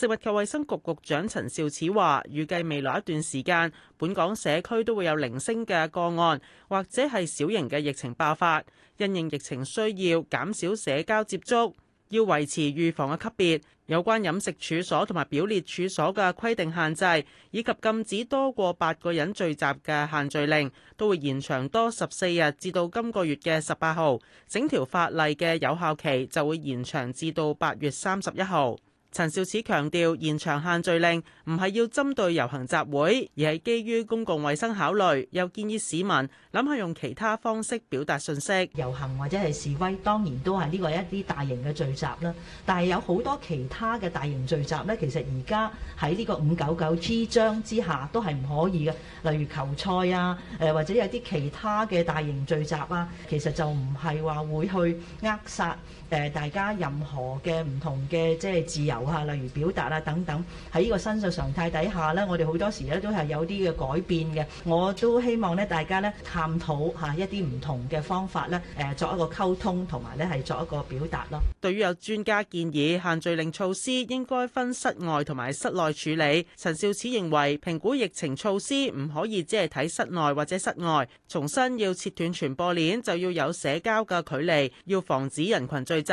食物及衛生局局長陳肇始話，預計未來一段時間，本港社區都會有零星嘅個案，或者係小型嘅疫情爆發。因應疫情需要，減少社交接觸，要維持預防嘅級別。有關飲食處所同埋表列處所嘅規定限制，以及禁止多過八個人聚集嘅限聚令，都會延長多十四日至到今個月嘅十八號。整條法例嘅有效期就會延長至到八月三十一號。陳肇始強調，現場限聚令唔係要針對遊行集會，而係基於公共衛生考慮。又建議市民諗下用其他方式表達信息。遊行或者係示威，當然都係呢個一啲大型嘅聚集啦。但係有好多其他嘅大型聚集呢，其實而家喺呢個 599G 章之下都係唔可以嘅。例如球賽啊，或者有啲其他嘅大型聚集啦，其實就唔係話會去扼殺大家任何嘅唔同嘅即係自由。例如表達啊等等，喺呢個新嘅常態底下呢，我哋好多時咧都係有啲嘅改變嘅。我都希望咧，大家咧探討嚇一啲唔同嘅方法咧，誒作一個溝通同埋咧係作一個表達咯。對於有專家建議限聚令措施應該分室外同埋室內處理，陳肇始認為評估疫情措施唔可以只係睇室內或者室外，重新要切斷傳播鏈就要有社交嘅距離，要防止人群聚集。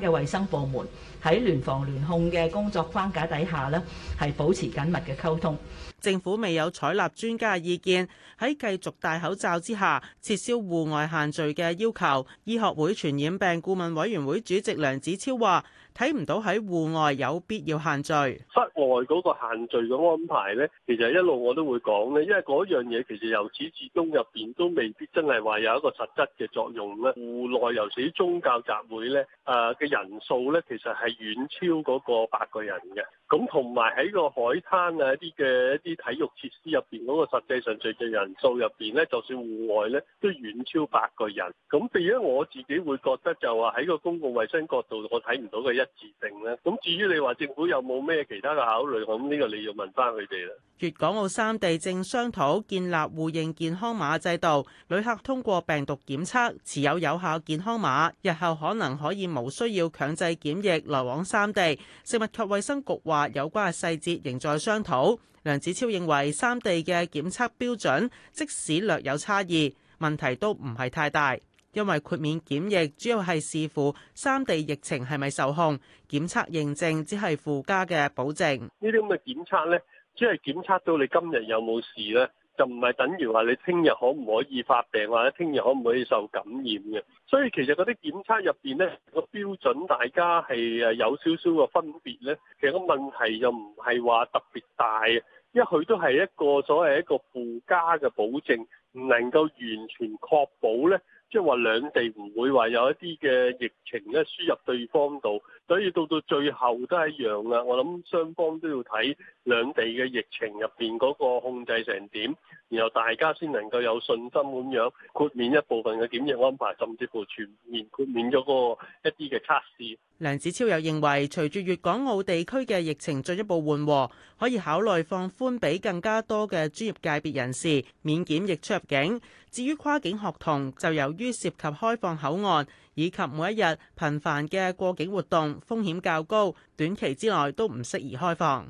嘅衛生部門喺聯防聯控嘅工作框架底下呢，係保持緊密嘅溝通。政府未有採納專家意見，喺繼續戴口罩之下，撤銷戶外限聚嘅要求。醫學會傳染病顧問委員會主席梁子超話。睇唔到喺戶外有必要限聚，室外嗰個限聚嘅安排呢，其實一路我都會講呢。因為嗰樣嘢其實由始至終入邊都未必真係話有一個實質嘅作用啦。戶內尤其宗教集會咧，誒嘅人數咧，其實係遠超嗰個八個人嘅。咁同埋喺個海灘啊，一啲嘅一啲體育設施入邊嗰個實際上聚集人數入邊咧，就算戶外咧，都遠超八個人。咁至於我自己會覺得就話喺個公共衛生角度，我睇唔到嘅一致性咧。咁至於你話政府有冇咩其他嘅考慮，咁、這、呢個你要問翻佢哋啦。粵港澳三地正商討建立互認健康碼制度，旅客通過病毒檢測持有有效健康碼，日後可能可以無需要強制檢疫來往三地。食物及衛生局話。有關嘅細節仍在商討。梁子超認為三地嘅檢測標準即使略有差異，問題都唔係太大，因為豁免檢疫主要係視乎三地疫情係咪受控，檢測認證只係附加嘅保證。呢啲咁嘅檢測呢，只係檢測到你今日有冇事呢？就唔係等於話你聽日可唔可以發病，或者聽日可唔可以受感染嘅。所以其實嗰啲檢測入面呢個標準，大家係誒有少少嘅分別呢。其實個問題又唔係話特別大，因為佢都係一個所謂一個附加嘅保證，唔能夠完全確保呢。即係話兩地唔會話有一啲嘅疫情咧輸入對方度，所以到到最後都係一樣㗎。我諗雙方都要睇兩地嘅疫情入邊嗰個控制成點。然後大家先能夠有信心咁樣豁免一部分嘅檢疫安排，甚至乎全面豁免咗嗰個一啲嘅測試。梁子超又認為，隨住粵港澳地區嘅疫情進一步緩和，可以考慮放寬畀更加多嘅專業界別人士免檢疫出入境。至於跨境學童，就由於涉及開放口岸以及每一日頻繁嘅過境活動，風險較高，短期之內都唔適宜開放。